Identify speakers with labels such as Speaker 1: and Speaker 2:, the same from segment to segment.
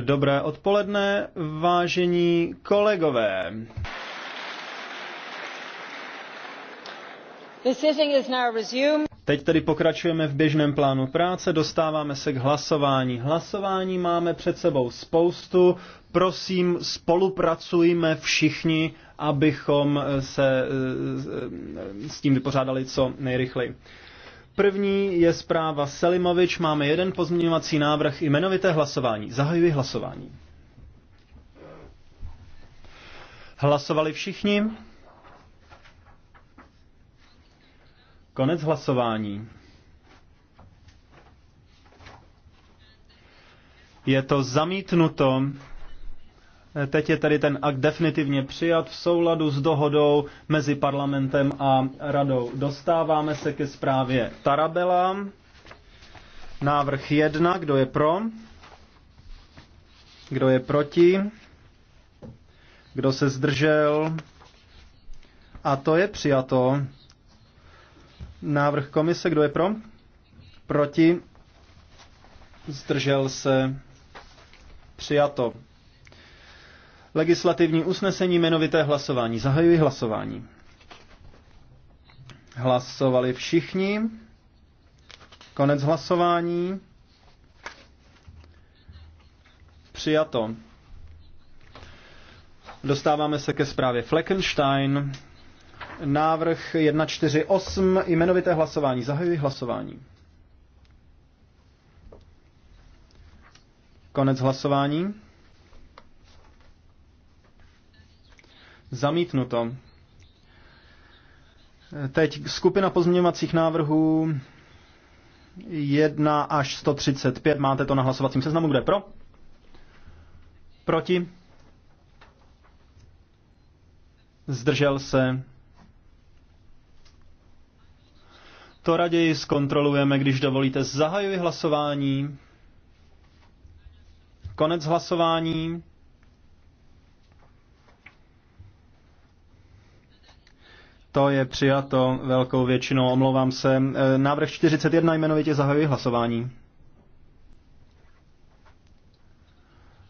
Speaker 1: Dobré odpoledne, vážení kolegové. Teď tedy pokračujeme v běžném plánu práce, dostáváme se k hlasování. Hlasování máme před sebou spoustu. Prosím, spolupracujme všichni, abychom se eh, eh, s tím vypořádali co nejrychleji. První je zpráva Selimovič. Máme jeden pozměňovací návrh i jmenovité hlasování. Zahajuji hlasování. Hlasovali všichni? Konec hlasování. Je to zamítnuto Teď je tedy ten akt definitivně přijat v souladu s dohodou mezi parlamentem a radou. Dostáváme se ke zprávě Tarabela. Návrh 1. Kdo je pro? Kdo je proti? Kdo se zdržel? A to je přijato. Návrh komise. Kdo je pro? Proti? Zdržel se? Přijato. Legislativní usnesení jmenovité hlasování. Zahajuji hlasování. Hlasovali všichni. Konec hlasování. Přijato. Dostáváme se ke zprávě Fleckenstein. Návrh 148, jmenovité hlasování. Zahajuji hlasování. Konec hlasování. Zamítnuto. Teď skupina pozměňovacích návrhů 1 až 135. Máte to na hlasovacím seznamu. Kde pro? Proti? Zdržel se? To raději zkontrolujeme, když dovolíte. Zahajuji hlasování. Konec hlasování. To je přijato velkou většinou, omlouvám se. E, návrh 41 jmenovitě zahajuji hlasování.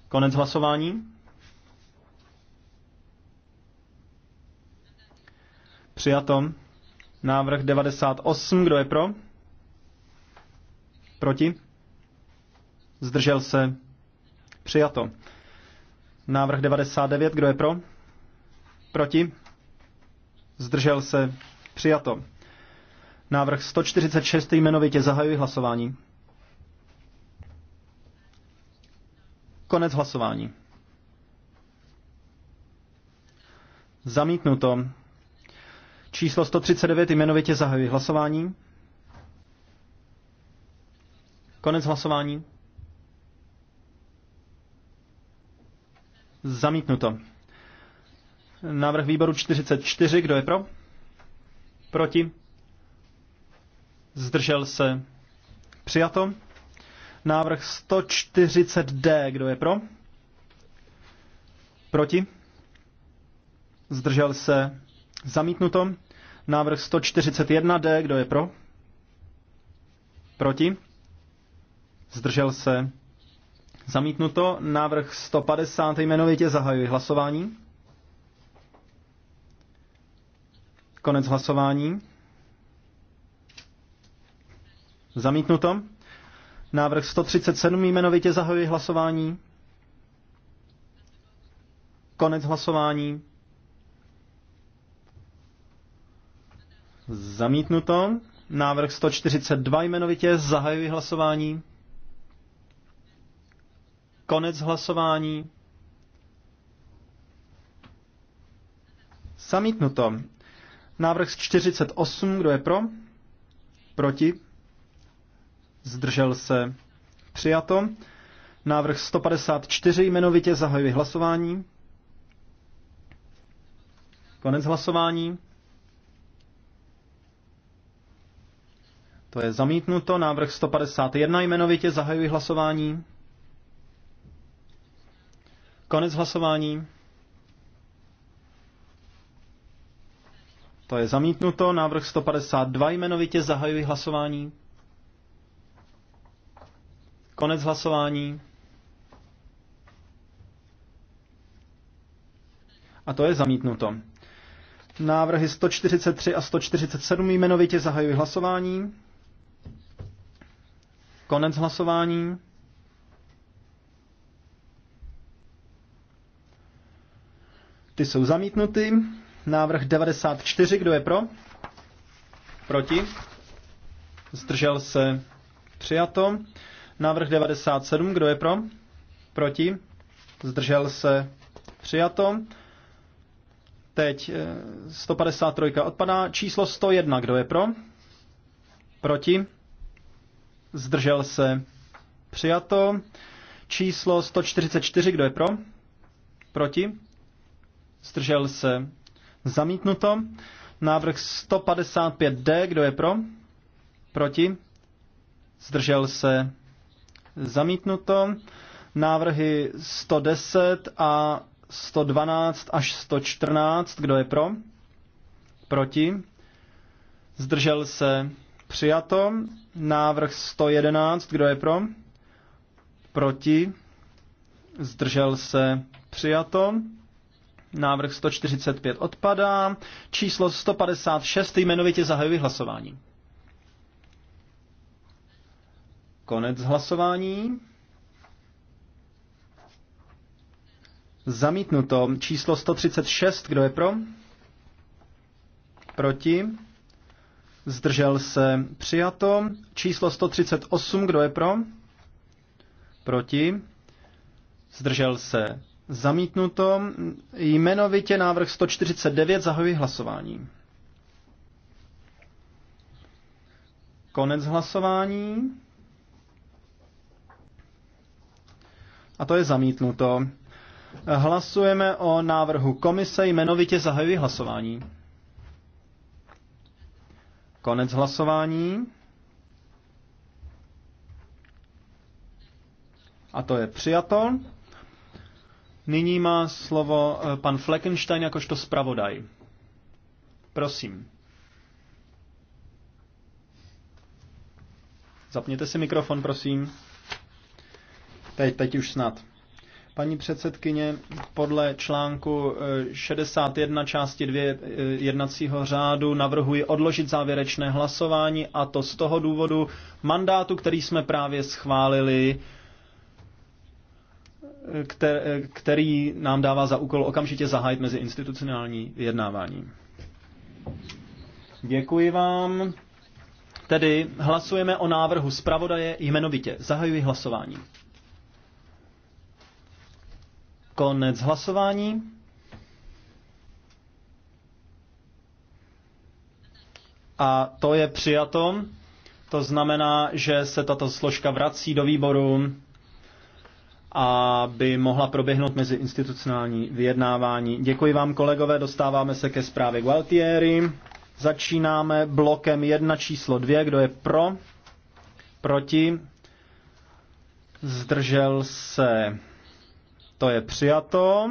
Speaker 1: Konec hlasování. Přijato. Návrh 98, kdo je pro? Proti? Zdržel se? Přijato. Návrh 99, kdo je pro? Proti? Zdržel se? Přijato. Návrh 146 jmenovitě zahajuji hlasování. Konec hlasování. Zamítnuto. Číslo 139 jmenovitě zahajuji hlasování. Konec hlasování. Zamítnuto. Návrh výboru 44, kdo je pro? Proti? Zdržel se? Přijato. Návrh 140D, kdo je pro? Proti? Zdržel se? Zamítnuto. Návrh 141D, kdo je pro? Proti? Zdržel se? Zamítnuto. Návrh 150 jmenovitě zahajuji hlasování. Konec hlasování. Zamítnuto. Návrh 137 jmenovitě zahajuji hlasování. Konec hlasování. Zamítnuto. Návrh 142 jmenovitě zahajuji hlasování. Konec hlasování. Zamítnuto. Návrh 48, kdo je pro? Proti? Zdržel se. Přijato. Návrh 154 jmenovitě zahajuji hlasování. Konec hlasování. To je zamítnuto. Návrh 151 jmenovitě zahajuji hlasování. Konec hlasování. To je zamítnuto. Návrh 152 jmenovitě zahajuji hlasování. Konec hlasování. A to je zamítnuto. Návrhy 143 a 147 jmenovitě zahajuji hlasování. Konec hlasování. Ty jsou zamítnuty. Návrh 94, kdo je pro? Proti? Zdržel se? Přijato. Návrh 97, kdo je pro? Proti? Zdržel se? Přijato. Teď 153 eh, odpadá. Číslo 101, kdo je pro? Proti? Zdržel se? Přijato. Číslo 144, kdo je pro? Proti? Zdržel se? Zamítnuto. Návrh 155D, kdo je pro? Proti? Zdržel se? Zamítnuto. Návrhy 110 a 112 až 114, kdo je pro? Proti? Zdržel se? Přijato. Návrh 111, kdo je pro? Proti? Zdržel se? Přijato. Návrh 145 odpadá. Číslo 156 jmenovitě zahajuji hlasování. Konec hlasování. Zamítnuto. Číslo 136, kdo je pro? Proti? Zdržel se. Přijato. Číslo 138, kdo je pro? Proti? Zdržel se. Zamítnuto. Jmenovitě návrh 149 zahajuji hlasování. Konec hlasování. A to je zamítnuto. Hlasujeme o návrhu komise, jmenovitě zahajuji hlasování. Konec hlasování. A to je přijato. Nyní má slovo eh, pan Fleckenstein jakožto zpravodaj. Prosím. Zapněte si mikrofon, prosím. Teď, teď už snad. Paní předsedkyně, podle článku 61 eh, části 2 eh, jednacího řádu navrhuji odložit závěrečné hlasování a to z toho důvodu mandátu, který jsme právě schválili který nám dává za úkol okamžitě zahájit mezi institucionální vyjednávání. Děkuji vám. Tedy hlasujeme o návrhu zpravodaje jmenovitě. Zahajuji hlasování. Konec hlasování. A to je přijato. To znamená, že se tato složka vrací do výboru aby mohla proběhnout mezi institucionální vyjednávání. Děkuji vám, kolegové, dostáváme se ke zprávě Gualtieri. Začínáme blokem 1 číslo 2, kdo je pro, proti, zdržel se, to je přijato.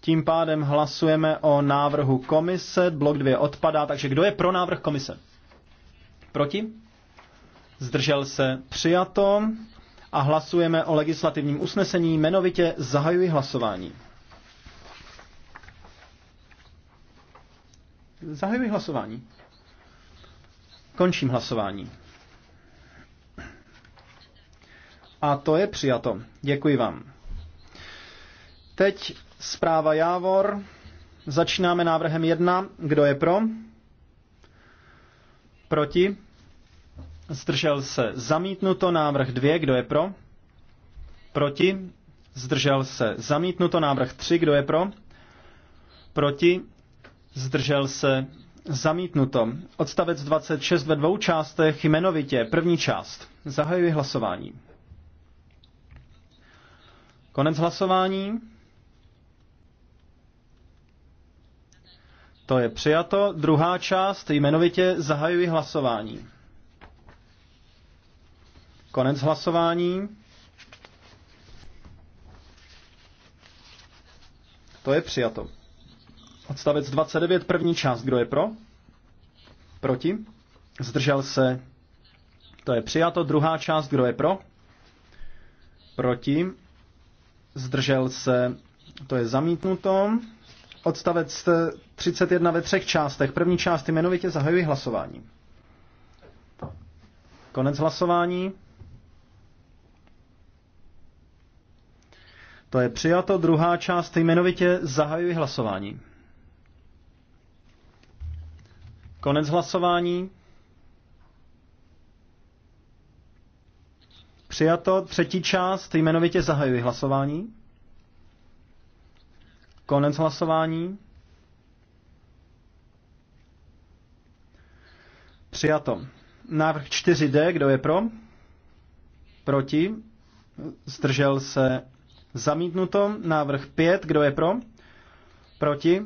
Speaker 1: Tím pádem hlasujeme o návrhu komise, blok 2 odpadá, takže kdo je pro návrh komise? Proti? Zdržel se přijato a hlasujeme o legislativním usnesení. Jmenovitě zahajuji hlasování. Zahajuji hlasování. Končím hlasování. A to je přijato. Děkuji vám. Teď zpráva Jávor. Začínáme návrhem 1. Kdo je pro? Proti? zdržel se zamítnuto, návrh 2, kdo je pro, proti, zdržel se zamítnuto, návrh 3, kdo je pro, proti, zdržel se zamítnuto. Odstavec 26 ve dvou částech jmenovitě, první část. Zahajuji hlasování. Konec hlasování. To je přijato. Druhá část jmenovitě zahajuji hlasování. Konec hlasování. To je přijato. Odstavec 29, první část. Kdo je pro? Proti? Zdržel se? To je přijato. Druhá část. Kdo je pro? Proti? Zdržel se? To je zamítnuto. Odstavec 31 ve třech částech. První část jmenovitě zahajuji hlasování. Konec hlasování. To je přijato. Druhá část jmenovitě zahajuji hlasování. Konec hlasování. Přijato. Třetí část jmenovitě zahajuji hlasování. Konec hlasování. Přijato. Návrh 4D, kdo je pro? Proti? Zdržel se Zamítnuto. Návrh 5. Kdo je pro? Proti?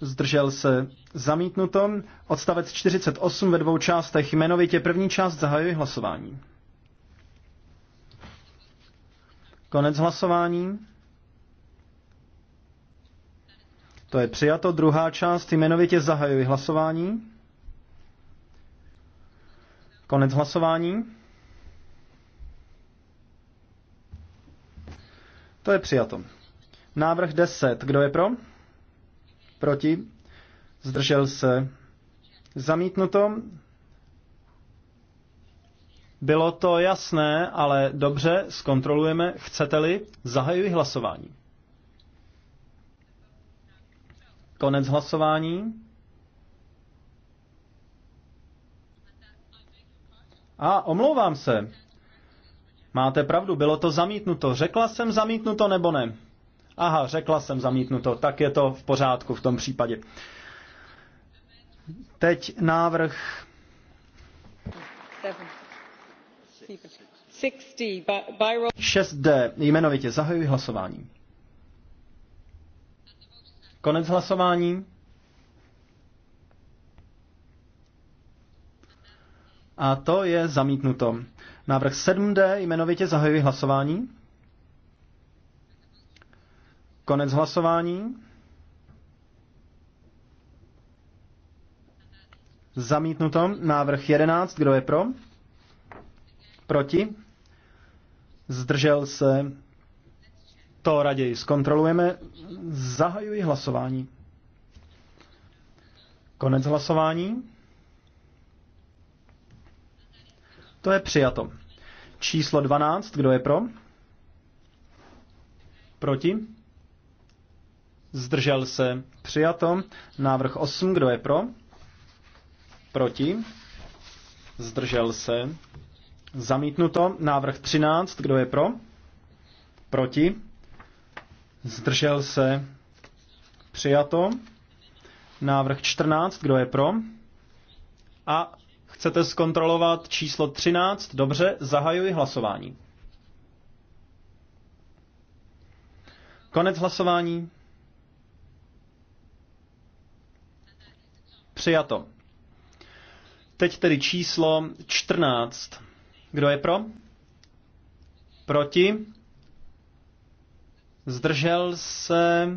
Speaker 1: Zdržel se. Zamítnuto. Odstavec 48 ve dvou částech. Jmenovitě první část zahajuje hlasování. Konec hlasování. To je přijato. Druhá část jmenovitě zahajuje hlasování. Konec hlasování. To je přijato. Návrh 10. Kdo je pro? Proti? Zdržel se? Zamítnuto? Bylo to jasné, ale dobře, zkontrolujeme. Chcete-li? Zahajuji hlasování. Konec hlasování. A omlouvám se. Máte pravdu, bylo to zamítnuto. Řekla jsem zamítnuto nebo ne? Aha, řekla jsem zamítnuto, tak je to v pořádku v tom případě. Teď návrh 6D. Jmenovitě zahajuji hlasování. Konec hlasování. A to je zamítnuto. Návrh 7D jmenovitě zahajuji hlasování. Konec hlasování. Zamítnuto. Návrh 11. Kdo je pro? Proti? Zdržel se? To raději zkontrolujeme. Zahajuji hlasování. Konec hlasování. To je přijato. Číslo 12, kdo je pro? Proti? Zdržel se. Přijato. Návrh 8, kdo je pro? Proti? Zdržel se. Zamítnuto. Návrh 13, kdo je pro? Proti? Zdržel se. Přijato. Návrh 14, kdo je pro? A Chcete zkontrolovat číslo 13? Dobře, zahajuji hlasování. Konec hlasování. Přijato. Teď tedy číslo 14. Kdo je pro? Proti? Zdržel se?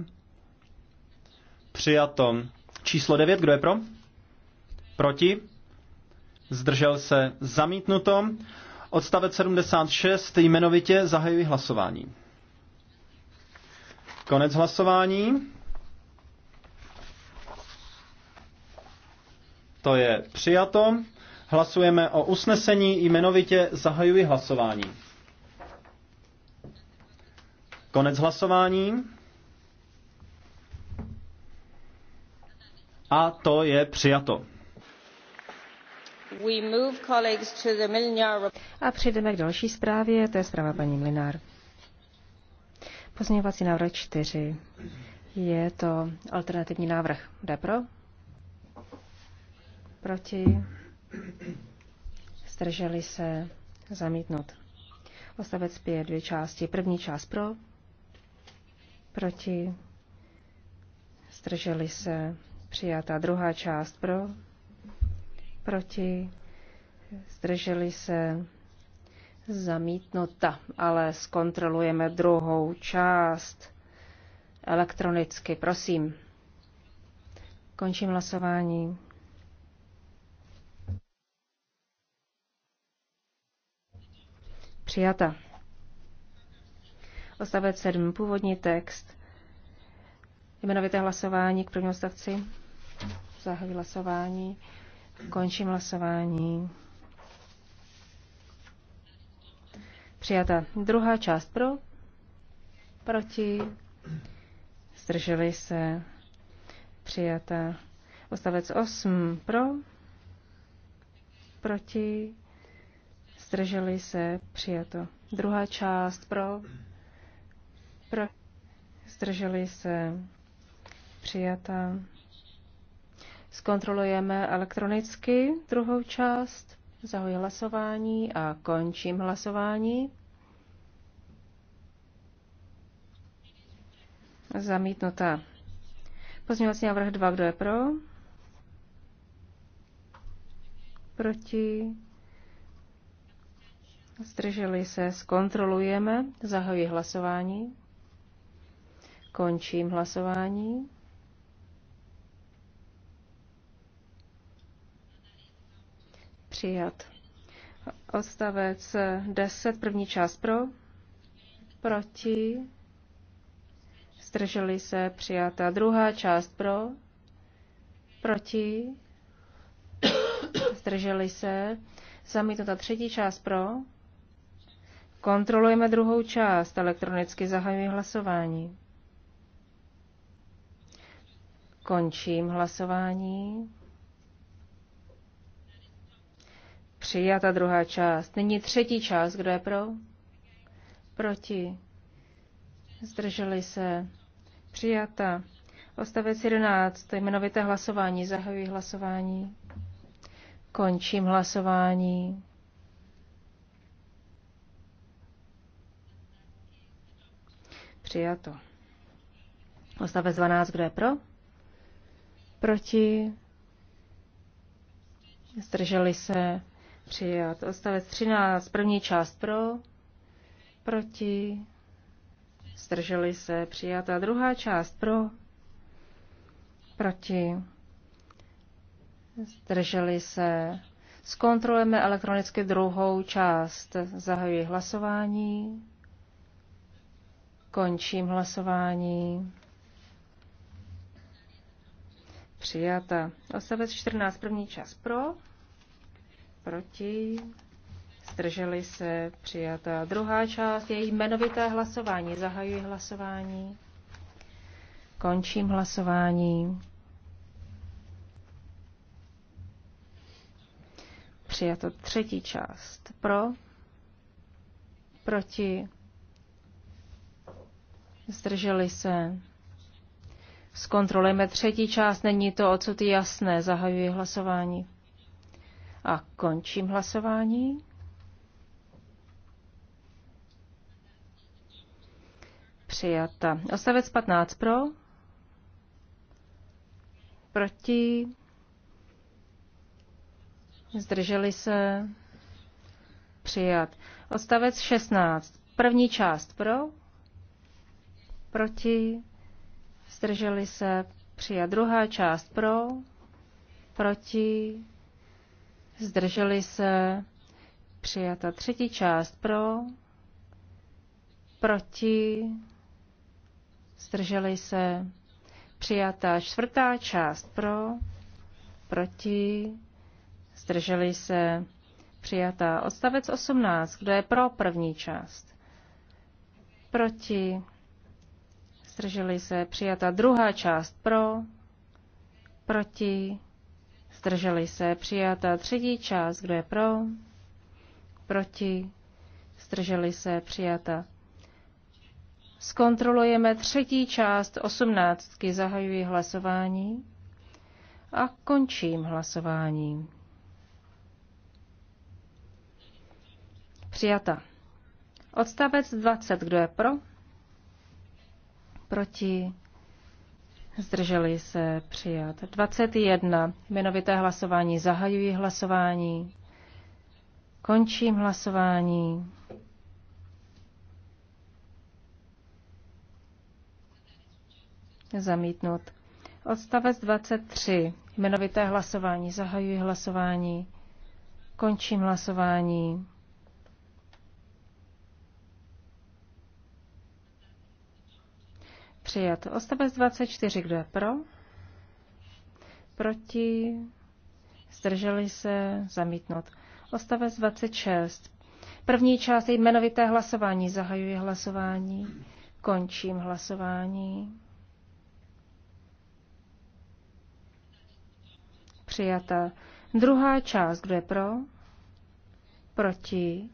Speaker 1: Přijato. Číslo 9. Kdo je pro? Proti? zdržel se, zamítnuto. Odstavec 76, jmenovitě zahajuji hlasování. Konec hlasování. To je přijato. Hlasujeme o usnesení, jmenovitě zahajuji hlasování. Konec hlasování. A to je přijato.
Speaker 2: A přejdeme k další zprávě, to je zpráva paní Mlinár. Pozměňovací návrh 4. Je to alternativní návrh. Jde pro? Proti? Zdrželi se? Zamítnut. Ostavec 5, dvě části. První část pro? Proti? Zdrželi se? Přijatá druhá část pro? proti, zdrželi se zamítnuta, ale zkontrolujeme druhou část elektronicky, prosím. Končím hlasování. Přijata. Ostavec 7. Původní text. Jmenovité hlasování k prvnímu stavci. Zahajuji hlasování. Končím hlasování. Přijata druhá část pro, proti, zdrželi se, přijata. Ostavec 8 pro, proti, zdrželi se, přijato. Druhá část pro, pro, zdrželi se, přijata. Zkontrolujeme elektronicky druhou část. Zahoji hlasování a končím hlasování. Zamítnuta. Pozměňovací návrh 2. Kdo je pro? Proti? Zdrželi se. Zkontrolujeme. Zahoji hlasování. Končím hlasování. přijat. Odstavec 10, první část pro, proti, zdrželi se přijata. Druhá část pro, proti, zdrželi se, zamítnuta třetí část pro. Kontrolujeme druhou část, elektronicky zahajuji hlasování. Končím hlasování. Přijata druhá část. Nyní třetí část. Kdo je pro? Proti. Zdrželi se. Přijata. Ostavec 11. Jmenovité hlasování. Zahajuji hlasování. Končím hlasování. Přijato. Ostavec 12. Kdo je pro? Proti. Zdrželi se. Přijat. Odstavec 13. První část pro. Proti. Zdrželi se. Přijat. A druhá část pro. Proti. Zdrželi se. Zkontrolujeme elektronicky druhou část. Zahajuji hlasování. Končím hlasování. Přijata. Osavec 14, první čas pro proti, zdrželi se, Přijatá. Druhá část Její jmenovité hlasování. Zahajuji hlasování. Končím hlasování. Přijato třetí část. Pro, proti, zdrželi se. Zkontrolujeme třetí část, není to odsud jasné. Zahajuji hlasování. A končím hlasování. Přijata. Ostavec 15 pro. Proti. Zdrželi se. Přijat. Odstavec 16. První část pro. Proti. Zdrželi se. Přijat. Druhá část pro. Proti zdrželi se, přijata třetí část pro, proti, zdrželi se, přijata čtvrtá část pro, proti, zdrželi se, přijata odstavec 18, kdo je pro první část, proti, zdrželi se, přijata druhá část pro, proti, zdrželi se, přijata třetí část, kdo je pro, proti, zdrželi se, přijata. Zkontrolujeme třetí část osmnáctky, zahajuji hlasování a končím hlasování. Přijata. Odstavec 20, kdo je pro? Proti Zdrželi se přijat. 21. Jmenovité hlasování. Zahajuji hlasování. Končím hlasování. Zamítnut. Odstavec 23. Jmenovité hlasování. Zahajuji hlasování. Končím hlasování. Přijat. Ostavec 24. Kdo je pro? Proti? Zdrželi se? Zamítnout. Ostavec 26. První část je jmenovité hlasování. Zahajuji hlasování. Končím hlasování. Přijata. Druhá část. Kdo je pro? Proti?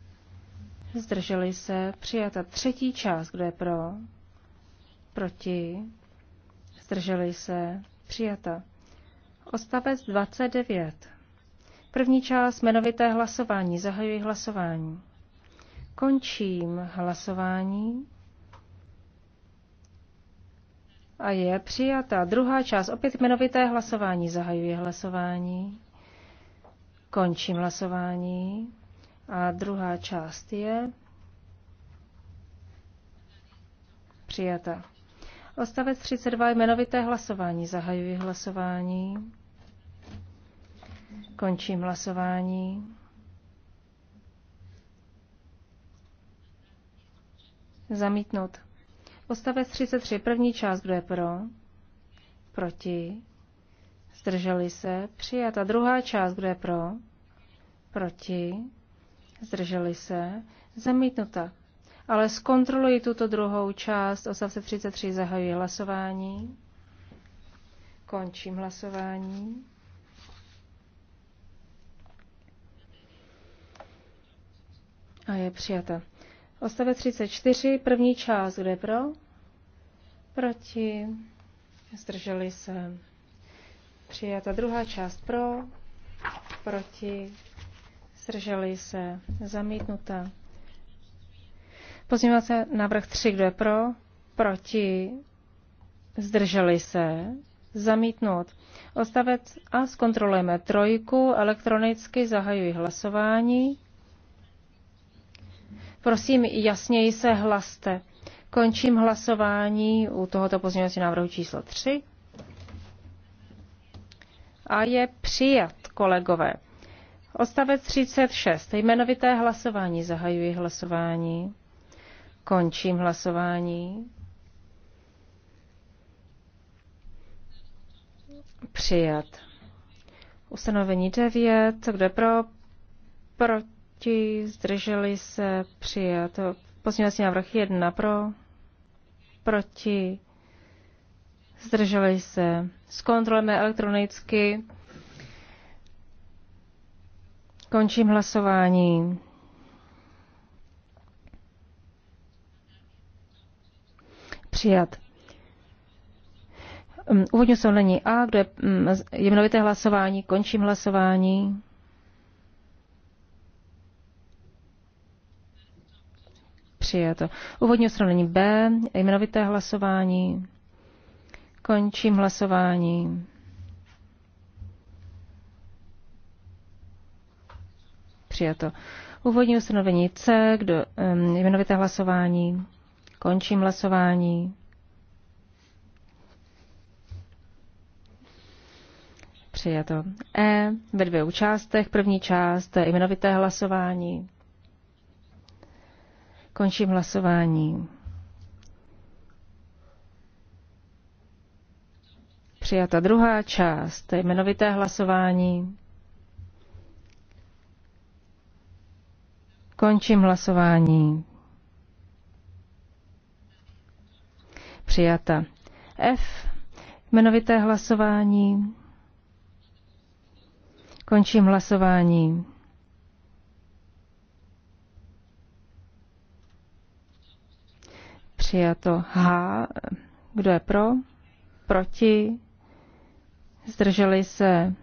Speaker 2: Zdrželi se? Přijata. Třetí část. Kdo je pro? Proti? Zdrželi se? Přijata. Ostavec 29. První část jmenovité hlasování. Zahajuji hlasování. Končím hlasování. A je přijata. Druhá část. Opět jmenovité hlasování. Zahajuji hlasování. Končím hlasování. A druhá část je přijata. Ostavec 32 jmenovité hlasování. Zahajuji hlasování. Končím hlasování. Zamítnout. Ostavec 33. První část. Kdo je pro? Proti. Zdrželi se. Přijata. Druhá část. Kdo je pro? Proti. Zdrželi se. Zamítnuta ale zkontroluji tuto druhou část. Odstavce 33 zahajuji hlasování. Končím hlasování. A je přijata. Odstavec 34, první část, kde pro? Proti. Zdrželi se. Přijata druhá část pro. Proti. Zdrželi se. Zamítnuta. Pozměňovací návrh 3, kdo je pro, proti, zdrželi se, zamítnout. Odstavec a zkontrolujeme trojku, elektronicky zahajuji hlasování. Prosím, jasněji se hlaste. Končím hlasování u tohoto pozměňovacího návrhu číslo 3. A je přijat, kolegové. Odstavec 36. Jmenovité hlasování. Zahajuji hlasování. Končím hlasování. Přijat. Ustanovení 9. Kdo pro? Proti? Zdrželi se? Přijat. Pozměňovací návrh 1. Pro? Proti? Zdrželi se? Zkontrolujeme elektronicky. Končím hlasování. Přijat. Um, úvodní ustanovení A, kdo um, je jmenovité hlasování, končím hlasování. Přijato. Úvodní ustanovení B, jmenovité hlasování, končím hlasování. Přijato. Úvodní ustanovení C, kdo, um, jmenovité hlasování, Končím hlasování. Přijato. E ve dvou částech. První část e, jmenovité hlasování. Končím hlasování. Přijata druhá část e, jmenovité hlasování. Končím hlasování. Přijata. F. Jmenovité hlasování. Končím hlasování. Přijato H. Kdo je pro? Proti? Zdrželi se?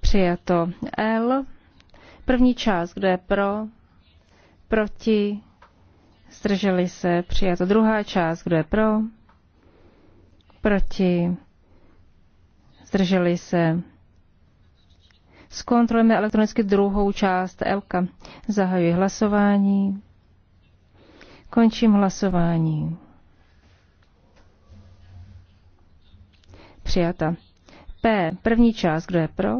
Speaker 2: Přijato L. První část. Kdo je pro? Proti? Zdrželi se. Přijato druhá část. Kdo je pro? Proti? Zdrželi se. Zkontrolujeme elektronicky druhou část Elka. Zahajuji hlasování. Končím hlasování. Přijata. P. První část. Kdo je pro?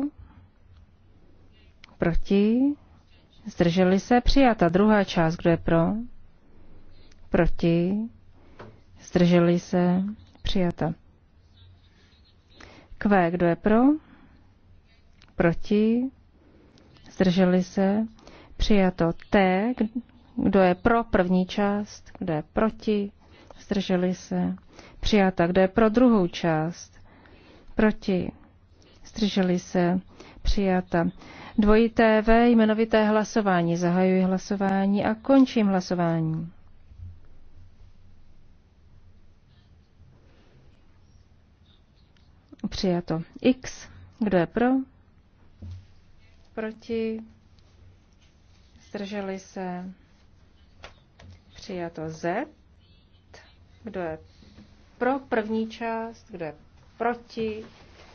Speaker 2: Proti? Zdrželi se? Přijata. Druhá část. Kdo je pro? proti, zdrželi se, přijata. Q, kdo je pro, proti, zdrželi se, přijato. T, kdo je pro první část, kdo je proti, zdrželi se, přijata. Kdo je pro druhou část, proti, zdrželi se, přijata. Dvojité V, jmenovité hlasování. Zahajuji hlasování a končím hlasování. Přijato. X. Kdo je pro? Proti? Zdrželi se? Přijato Z. Kdo je pro první část? Kdo je proti?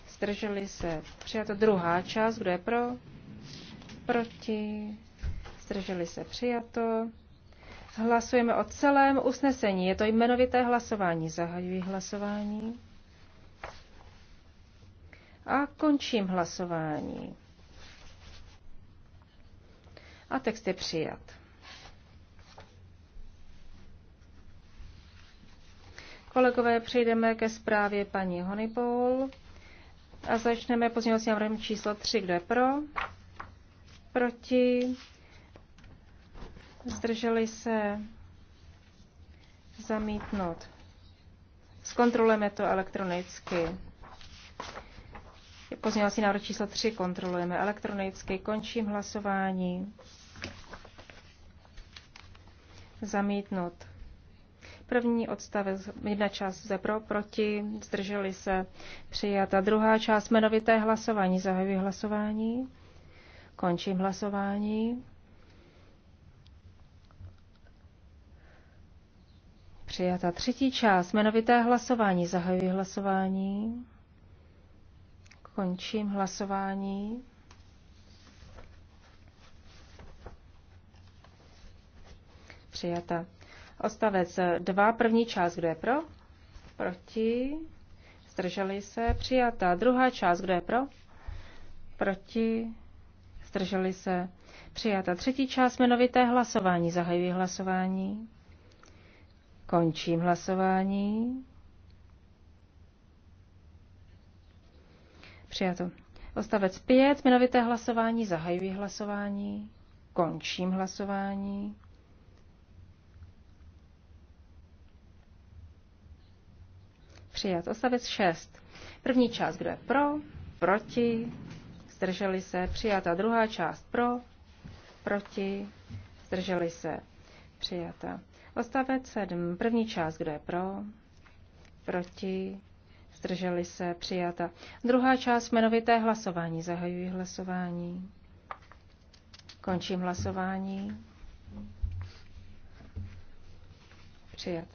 Speaker 2: Zdrželi se? Přijato druhá část. Kdo je pro? Proti? Zdrželi se? Přijato. Hlasujeme o celém usnesení. Je to jmenovité hlasování. Zahajuji hlasování. A končím hlasování. A text je přijat. Kolegové, přejdeme ke zprávě paní Honeypool a začneme pozměňovacím návrhem číslo 3. Kdo je pro? Proti? Zdrželi se? Zamítnout. Zkontrolujeme to elektronicky. Pozměňovací návrh číslo 3 kontrolujeme elektronicky. Končím hlasování. Zamítnut. První odstavec, jedna část ze pro, proti, zdrželi se, přijata. Druhá část jmenovité hlasování. Zahajuji hlasování. Končím hlasování. Přijata třetí část jmenovité hlasování. Zahajuji hlasování. Končím hlasování. Přijata. Ostavec 2, první část, kdo je pro? Proti. Zdrželi se. Přijata. Druhá část, kdo je pro? Proti. Zdrželi se. Přijata. Třetí část jmenovité hlasování. Zahajuji hlasování. Končím hlasování. Přijato. Odstavec 5, jmenovité hlasování, zahajuji hlasování, končím hlasování. Přijat. Odstavec 6. První část, kdo je pro, proti, zdrželi se, přijata. Druhá část pro, proti, zdrželi se, přijata. Odstavec 7. První část, kdo je pro, proti, zdrželi se, přijata. Druhá část jmenovité hlasování. Zahajuji hlasování. Končím hlasování. Přijat.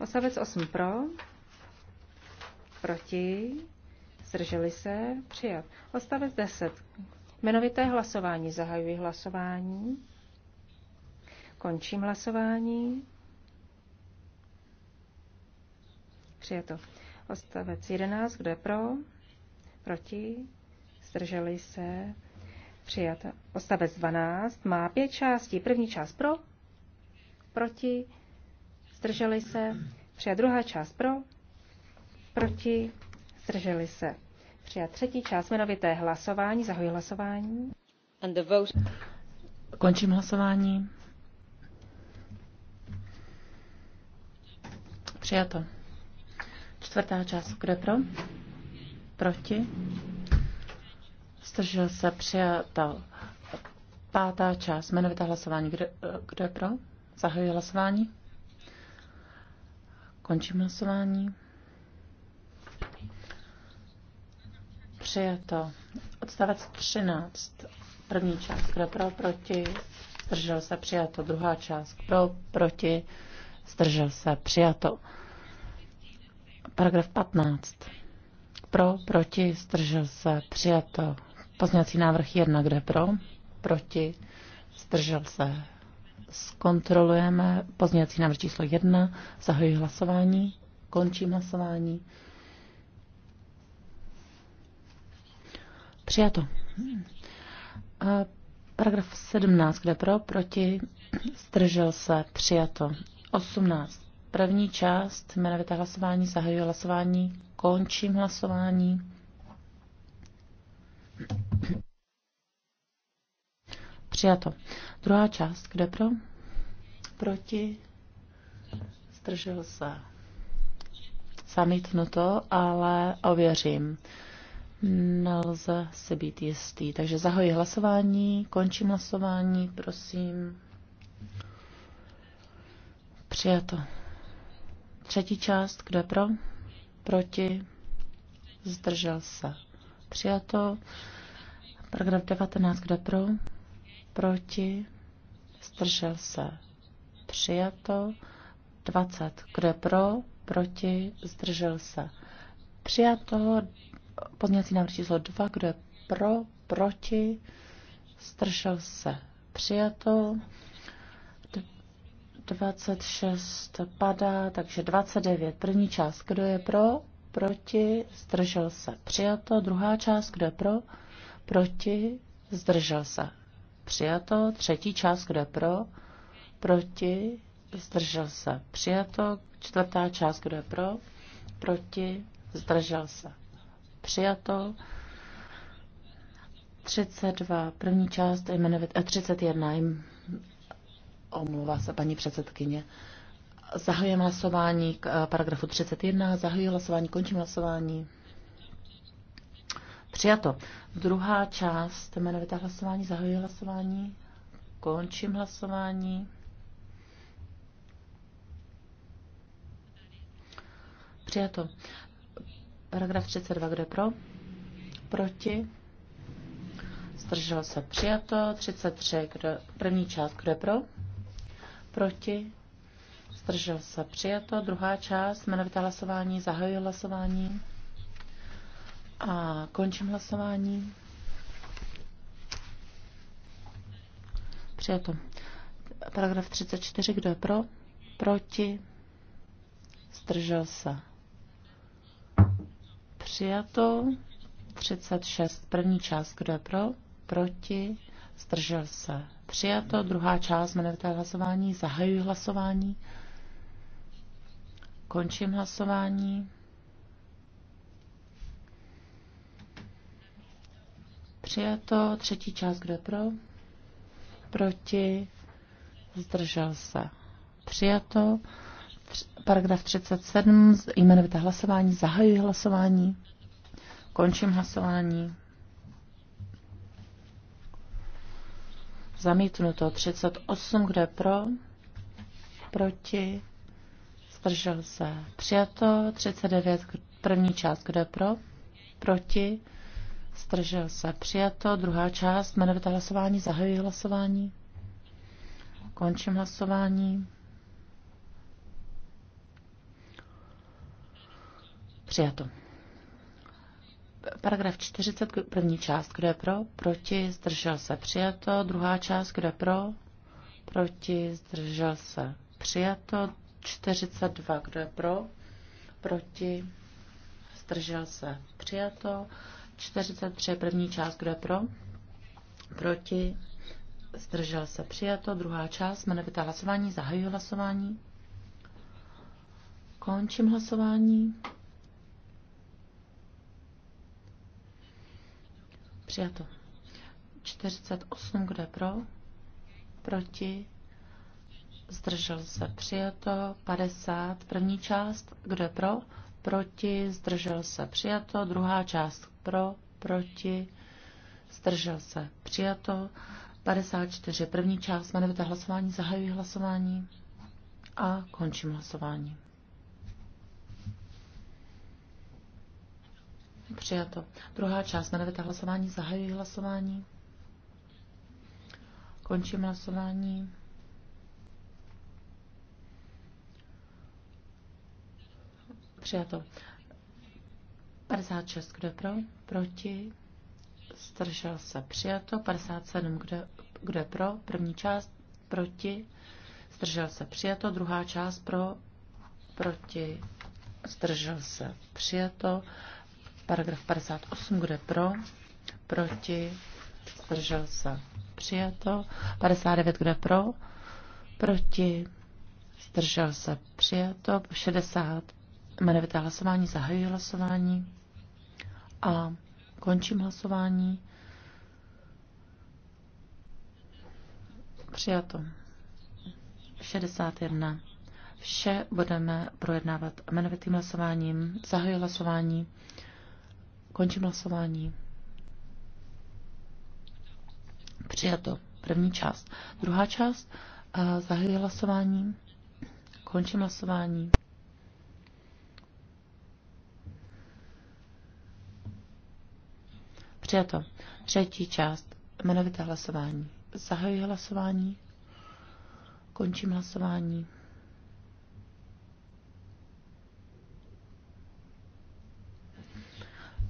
Speaker 2: Osavec 8 pro, proti, zdrželi se, přijat. Ostavec 10. Jmenovité hlasování. Zahajuji hlasování. Končím hlasování. Přijato. Odstavec 11, kdo je pro? Proti? Zdrželi se? Přijato. Odstavec 12 má pět částí. První část pro? Proti? Zdrželi se? Přijat druhá část pro? Proti? Zdrželi se? Přijat třetí část jmenovité hlasování. zahoj hlasování. And the vote.
Speaker 3: Končím hlasování. Přijato. Čtvrtá část, kdo je pro? Proti? Zdržel se přijato Pátá část, jmenovité hlasování. Kdo, kdo je pro? Zahajuji hlasování. Končím hlasování. Přijato. Odstavec 13. První část. Kdo pro, proti? Zdržel se přijato. Druhá část. Pro, proti? Zdržel se přijato. Paragraf 15. Pro, proti, zdržel se, přijato. Pozměňovací návrh 1, kde pro, proti, zdržel se. Zkontrolujeme pozměňovací návrh číslo 1, zahajuji hlasování, končím hlasování. Přijato. A paragraf 17, kde pro, proti, zdržel se, přijato. 18 První část jmenovité hlasování, zahajuji hlasování, končím hlasování. Přijato. Druhá část, kde pro? Proti. Zdržel se. Zamítnuto, ale ověřím. Nelze si být jistý. Takže zahoji hlasování, končím hlasování, prosím. Přijato. Třetí část, kdo je pro? Proti? Zdržel se. Přijato. Paragraf 19, kdo je pro? Proti? Zdržel se. Přijato. 20, kdo je pro? Proti? Zdržel se. Přijato. Pozměňovací návrh číslo 2, kdo je pro? Proti? Zdržel se. Přijato. 26 padá, takže 29. První část, kdo je pro, proti, zdržel se, přijato. Druhá část, kdo je pro, proti, zdržel se, přijato. Třetí část, kdo je pro, proti, zdržel se, přijato. Čtvrtá část, kdo je pro, proti, zdržel se, přijato. 32, první část, jmenovit, eh, A 31, Omlouvá se paní předsedkyně. Zahajuji hlasování k eh, paragrafu 31. Zahajuji hlasování, končím hlasování. Přijato. Druhá část jmenovitá hlasování. Zahajuji hlasování, končím hlasování. Přijato. Paragraf 32, kdo je pro? Proti? Zdrželo se přijato. 33, kdo, první část, kdo je pro? proti, zdržel se, přijato. Druhá část, jmenovité hlasování, zahajuji hlasování a končím hlasování. Přijato. Paragraf 34, kdo je pro? Proti? Zdržel se. Přijato. 36, první část, kdo je pro? Proti? Zdržel se. Přijato. Druhá část jmenovité hlasování. Zahajuji hlasování. Končím hlasování. Přijato. Třetí část. Kdo je pro? Proti. Zdržel se. Přijato. Paragraf 37. Jmenovité hlasování. Zahajuji hlasování. Končím hlasování. Zamítnuto 38, kdo je pro? Proti? Zdržel se. Přijato 39, první část, kdo je pro? Proti? Zdržel se. Přijato druhá část, jmenovité hlasování, zahajuji hlasování. Končím hlasování. Přijato. Paragraf 40, první část, kdo je pro, proti, zdržel se, přijato. Druhá část, kdo je pro, proti, zdržel se, přijato. 42, kdo je pro, proti, zdržel se, přijato. 43, první část, kdo je pro, proti, zdržel se, přijato. Druhá část, jmenovité hlasování, zahajuji hlasování. Končím hlasování. Přijato. 48, kdo je pro? Proti? Zdržel se. Přijato. 50, první část, kdo je pro? Proti? Zdržel se. Přijato. Druhá část, pro? Proti? Zdržel se. Přijato. 54, první část, jmenovité hlasování, zahajuji hlasování a končím hlasování. Přijato. Druhá část, Jmenujete hlasování, zahajuji hlasování. Končím hlasování. Přijato. 56, kdo je pro? Proti? Zdržel se. Přijato. 57, kdo, kdo je pro? První část. Proti? Zdržel se. Přijato. Druhá část pro? Proti? Zdržel se. Přijato. Paragraf 58, kdo je pro? Proti? Zdržel se. Přijato. 59, kdo je pro? Proti? Zdržel se. Přijato. 60. Jmenovité hlasování. Zahajuji hlasování. A končím hlasování. Přijato. 61. Vše budeme projednávat jmenovitým hlasováním. Zahajuji hlasování. Končím hlasování. Přijato. První část. Druhá část. Zahajuji hlasování. Končím hlasování. Přijato. Třetí část. Jmenovité hlasování. Zahajuji hlasování. Končím hlasování.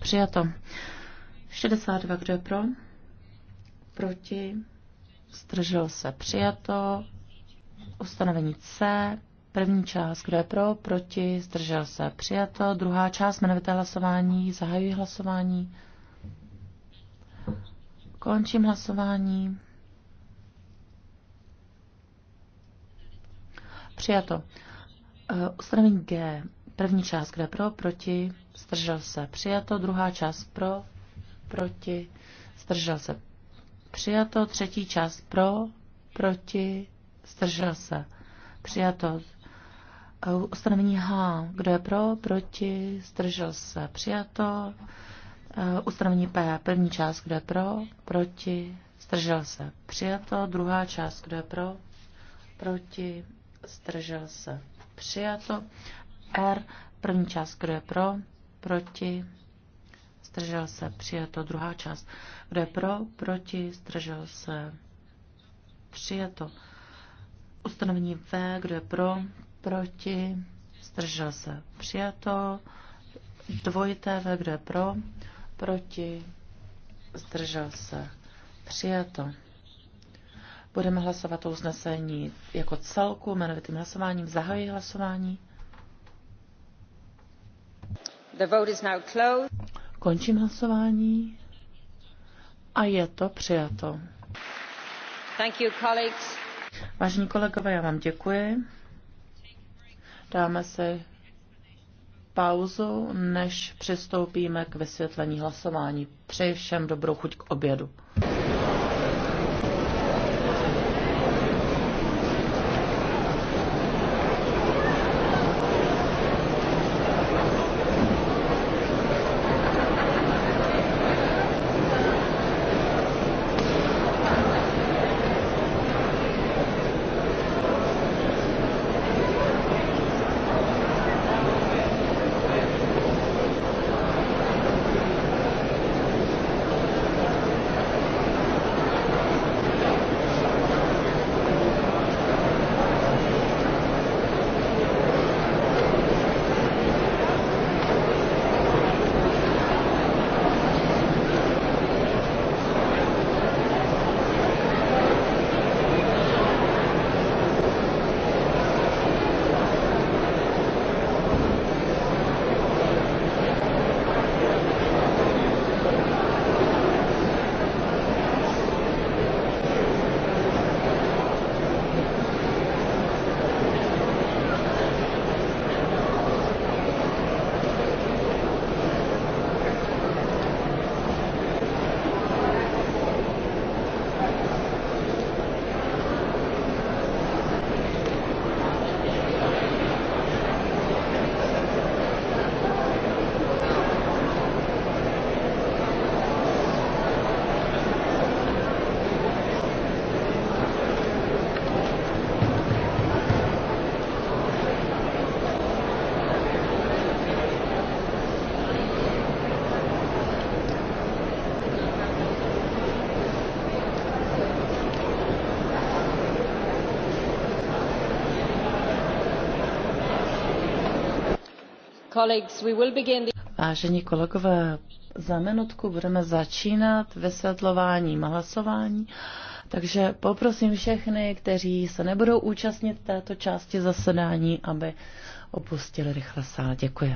Speaker 3: Přijato. 62, kdo je pro? Proti? Zdržel se. Přijato. Ustanovení C. První část, kdo je pro, proti, zdržel se, přijato. Druhá část, jmenovité hlasování, zahajuji hlasování. Končím hlasování. Přijato. Eh, ustanovení G. První část, kde pro, proti, zdržel se, přijato. Druhá část pro, proti, zdržel se, přijato. Třetí část pro, proti, zdržel se, přijato. Ustanovení H, kdo je pro, proti, zdržel se, přijato. Ustanovení P, první část, kdo je pro, proti, zdržel se, přijato. Druhá část, kdo je pro, proti, zdržel se, přijato. R. První část, kdo je pro, proti, zdržel se, přijato. Druhá část, kdo je pro, proti, zdržel se, přijato. Ustanovení V, kdo je pro, proti, zdržel se, přijato. Dvojité V, kdo je pro, proti, zdržel se, přijato. Budeme hlasovat o usnesení jako celku, jmenovitým hlasováním. Zahajuji hlasování. Končím hlasování a je to přijato.
Speaker 2: Thank you, colleagues.
Speaker 3: Vážení kolegové, já vám děkuji. Dáme se pauzu, než přistoupíme k vysvětlení hlasování. Přeji všem dobrou chuť k obědu. Vážení kolegové, za minutku budeme začínat vysvětlováním hlasování, takže poprosím všechny, kteří se nebudou účastnit této části zasedání, aby opustili rychle sál. Děkuji.